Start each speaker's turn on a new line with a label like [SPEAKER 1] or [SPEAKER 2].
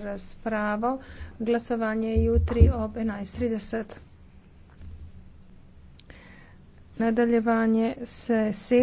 [SPEAKER 1] razpravo. Glasovanje je jutri ob 11.30.
[SPEAKER 2] Nadaljevanje se sedi.